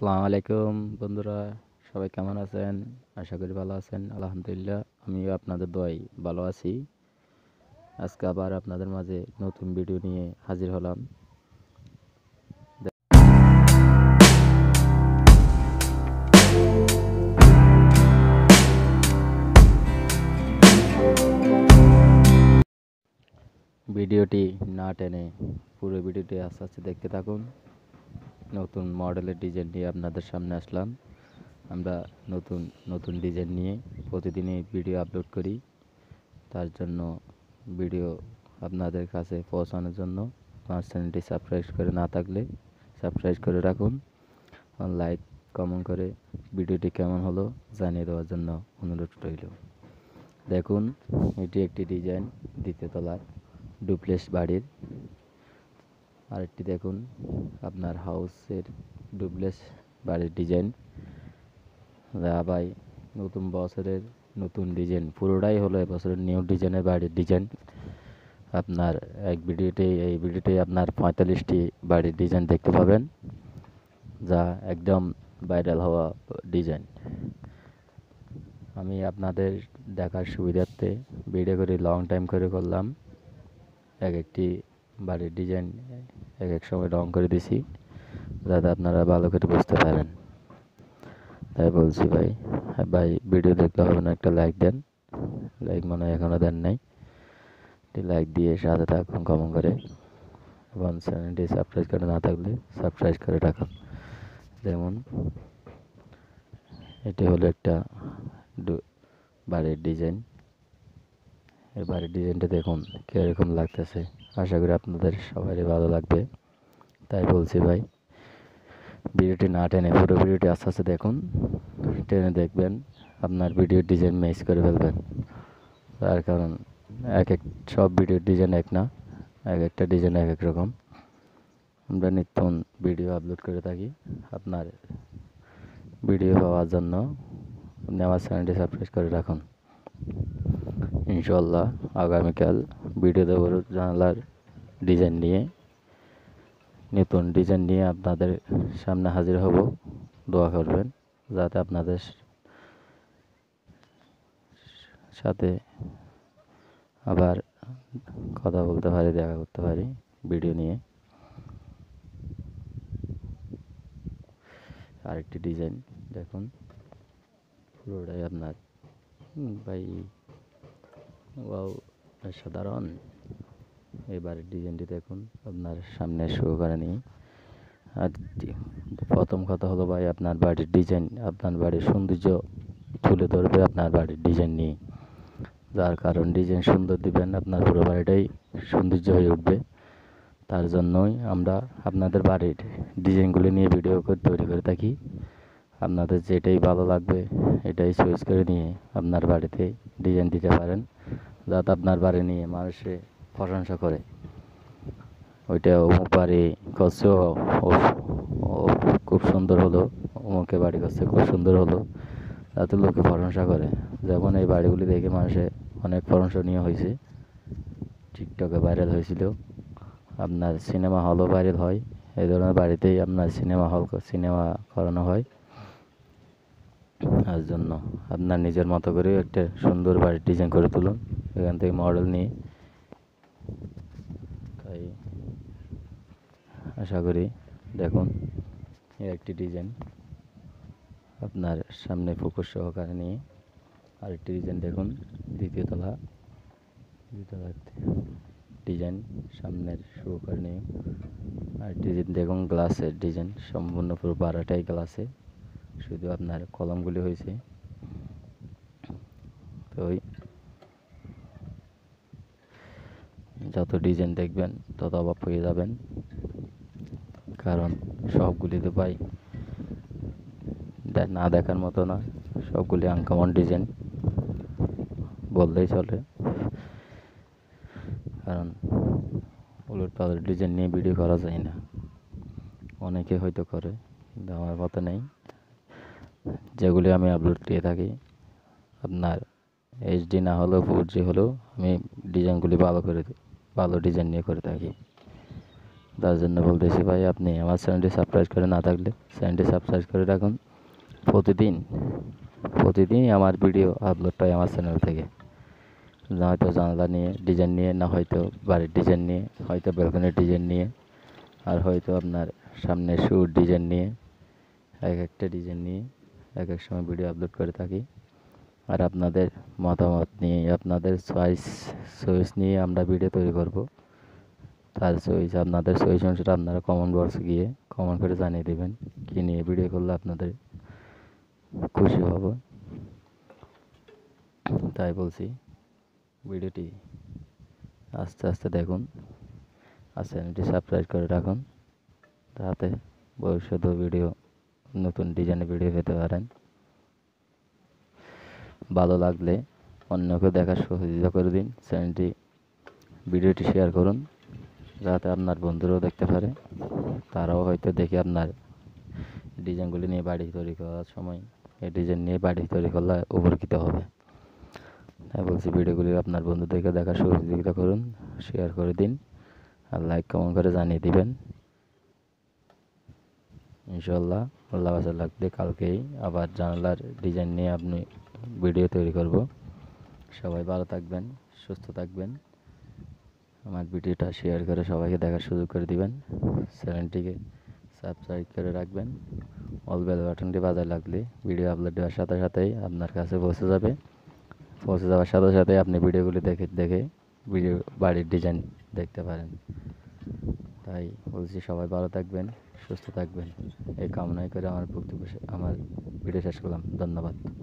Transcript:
আসসালামু আলাইকুম বন্ধুরা সবাই কেমন আছেন আশা করি ভালো আছেন আলহামদুলিল্লাহ আমিও আপনাদের দোয়াই ভালো আছি আজকে আবার আপনাদের মাঝে নতুন ভিডিও নিয়ে হাজির হলাম ভিডিওটি না টেনে পুরো ভিডিওটি আস্তে আস্তে দেখতে থাকুন নতুন মডেলের ডিজাইন নিয়ে আপনাদের সামনে আসলাম আমরা নতুন নতুন ডিজাইন নিয়ে প্রতিদিনই ভিডিও আপলোড করি তার জন্য ভিডিও আপনাদের কাছে পৌঁছানোর জন্য আমার চ্যানেলটি সাবস্ক্রাইব করে না থাকলে সাবস্ক্রাইব করে রাখুন লাইক কমেন্ট করে ভিডিওটি কেমন হলো জানিয়ে দেওয়ার জন্য অনুরোধ রইল দেখুন এটি একটি ডিজাইন দ্বিতীয়তলার ডুপ্লেস বাড়ির আরেকটি দেখুন আপনার হাউসের ডুবলেস বাড়ির ডিজাইন ভাই নতুন বছরের নতুন ডিজাইন পুরোটাই হলো এবছরের নিউ ডিজাইনের বাড়ির ডিজাইন আপনার এক ভিডিওতে এই ভিডিওতে আপনার পঁয়তাল্লিশটি বাড়ির ডিজাইন দেখতে পাবেন যা একদম ভাইরাল হওয়া ডিজাইন আমি আপনাদের দেখার সুবিধার্থে ভিডিও করে লং টাইম করে করলাম এক একটি বাড়ির ডিজাইন এক এক সময় রং করে দিছি যাতে আপনারা ভালো করে বুঝতে পারেন তাই বলছি ভাই ভাই ভিডিও দেখলে হবে না একটা লাইক দেন লাইক মনে হয় এখনও দেন নাই লাইক দিয়ে সাথে থাকুন কমন করে এবং চ্যানেলটি সাবস্ক্রাইব করে না থাকলে সাবস্ক্রাইব করে রাখুন যেমন এটি হলো একটা বাড়ির ডিজাইন এই বাড়ির ডিজাইনটা দেখুন কীরকম লাগতেছে আশা করি আপনাদের সবারই ভালো লাগবে তাই বলছি ভাই ভিডিওটি না টেনে পুরো ভিডিওটি আস্তে আস্তে দেখুন টেনে দেখবেন আপনার ভিডিও ডিজাইন ম্যাচ করে ফেলবেন তার কারণ এক এক সব ভিডিওর ডিজাইন এক না এক একটা ডিজাইন এক এক রকম আমরা নিত্যন ভিডিও আপলোড করে থাকি আপনার ভিডিও পাওয়ার জন্য আপনি আমার চ্যানেলটি সাবস্ক্রাইব করে রাখুন ইনশাল্লাহ আগামীকাল ভিডিও দেবো জানালার ডিজাইন নিয়ে নতুন ডিজাইন নিয়ে আপনাদের সামনে হাজির হব দোয়া করবেন যাতে আপনাদের সাথে আবার কথা বলতে পারি দেখা করতে পারি ভিডিও নিয়ে আরেকটি ডিজাইন দেখুন পুরোটাই আপনার ভাই ওয়াও সাধারণ এবারের ডিজাইনটি দেখুন আপনার সামনে শুরু করে নিয়ে আর প্রথম কথা হলো ভাই আপনার বাড়ির ডিজাইন আপনার বাড়ির সৌন্দর্য তুলে ধরবে আপনার বাড়ির ডিজাইন নিয়ে যার কারণ ডিজাইন সুন্দর দিবেন আপনার পুরো বাড়িটাই সৌন্দর্য হয়ে উঠবে তার জন্যই আমরা আপনাদের বাড়ির ডিজাইনগুলো নিয়ে ভিডিও করে তৈরি করে থাকি আপনাদের যেটাই ভালো লাগবে এটাই চয়েস করে নিয়ে আপনার বাড়িতে ডিজাইন দিতে পারেন যাত আপনার বাড়ি নিয়ে মানুষে প্রশংসা করে ওইটা অমুক বাড়ি করছে খুব সুন্দর হলো অমুকে বাড়ি করছে খুব সুন্দর হলো তাতে লোকে প্রশংসা করে যেমন এই বাড়িগুলি দেখে মানুষে অনেক প্রশংসনীয় হয়েছে টিকটকে ভাইরাল হয়েছিল আপনার সিনেমা হলও ভাইরাল হয় এই ধরনের বাড়িতেই আপনার সিনেমা হল সিনেমা করানো হয় তার জন্য আপনার নিজের মতো করে একটা সুন্দর বাড়ির ডিজাইন করে তুলুন এখান থেকে মডেল নিই তাই আশা করি দেখুন এর একটি ডিজাইন আপনার সামনে ফোকাস সহকারে নিয়ে আরেকটি ডিজাইন দেখুন দ্বিতীয় তলা দ্বিতীয় ডিজাইন সামনের সহকারে নিয়ে আরেকটি ডিজাইন দেখুন গ্লাসের ডিজাইন সম্পূর্ণ পুরো বারোটাই গ্লাসে শুধু আপনার কলমগুলি হয়েছে যত ডিজাইন দেখবেন তত অবাক হয়ে যাবেন কারণ সবগুলি তো পাই না দেখার মতো না সবগুলি আনকমন ডিজাইন বললেই চলে কারণ উলট পালট ডিজাইন নিয়ে ভিডিও করা যায় না অনেকে হয়তো করে কিন্তু আমার মতো নেই যেগুলি আমি আপলোড দিয়ে থাকি আপনার এইচডি না হলেও ফোর জি হলেও আমি ডিজাইনগুলি ভালো করে দিই ভালো ডিজাইন নিয়ে করে থাকি তার জন্য বলতেছি ভাই আপনি আমার চ্যানেলটি সাবস্ক্রাইব করে না থাকলে চ্যানেলটি সাবস্ক্রাইব করে রাখুন প্রতিদিন প্রতিদিনই আমার ভিডিও আপলোড পাই আমার চ্যানেল থেকে না হয়তো জানালা নিয়ে ডিজাইন নিয়ে না হয়তো বাড়ির ডিজাইন নিয়ে হয়তো ব্যালকনির ডিজাইন নিয়ে আর হয়তো আপনার সামনে শুট ডিজাইন নিয়ে এক একটা ডিজাইন নিয়ে এক এক সময় ভিডিও আপলোড করে থাকি আর আপনাদের মতামত নিয়ে আপনাদের চয়েস চয়েস নিয়ে আমরা ভিডিও তৈরি করব তার চয়েস আপনাদের চয়েস অনুসারে আপনারা কমেন্ট বক্সে গিয়ে কমেন্ট করে জানিয়ে দেবেন কী নিয়ে ভিডিও করলে আপনাদের খুশি হব তাই বলছি ভিডিওটি আস্তে আস্তে দেখুন আর চ্যানেলটি সাবস্ক্রাইব করে রাখুন তাতে ভবিষ্যতেও ভিডিও নতুন ডিজাইনের ভিডিও পেতে পারেন ভালো লাগলে অন্যকে দেখার সহযোগিতা করে দিন চ্যানেলটি ভিডিওটি শেয়ার করুন যাতে আপনার বন্ধুরাও দেখতে পারে তারাও হয়তো দেখে আপনার ডিজাইনগুলি নিয়ে বাড়ি তৈরি করার সময় এই ডিজাইন নিয়ে বাড়ি তৈরি করলে উপকৃত হবে হ্যাঁ বলছি ভিডিওগুলি আপনার বন্ধুদেরকে দেখার সহযোগিতা করুন শেয়ার করে দিন আর লাইক কমেন্ট করে জানিয়ে দিবেন ইনশাল্লাহ আল্লাহ রাখলে কালকেই আবার জানালার ডিজাইন নিয়ে আপনি ভিডিও তৈরি করব সবাই ভালো থাকবেন সুস্থ থাকবেন আমার ভিডিওটা শেয়ার করে সবাইকে দেখার সুযোগ করে দিবেন চ্যানেলটিকে সাবস্ক্রাইব করে রাখবেন অল বেল বাটনটি বাজায় লাগলে ভিডিও আপলোড দেওয়ার সাথে সাথেই আপনার কাছে পৌঁছে যাবে পৌঁছে যাওয়ার সাথে সাথে আপনি ভিডিওগুলি দেখে দেখে ভিডিও বাড়ির ডিজাইন দেখতে পারেন তাই বলছি সবাই ভালো থাকবেন সুস্থ থাকবেন এই কামনাই করে আমার বক্তব্য আমার ভিডিও শেষ করলাম ধন্যবাদ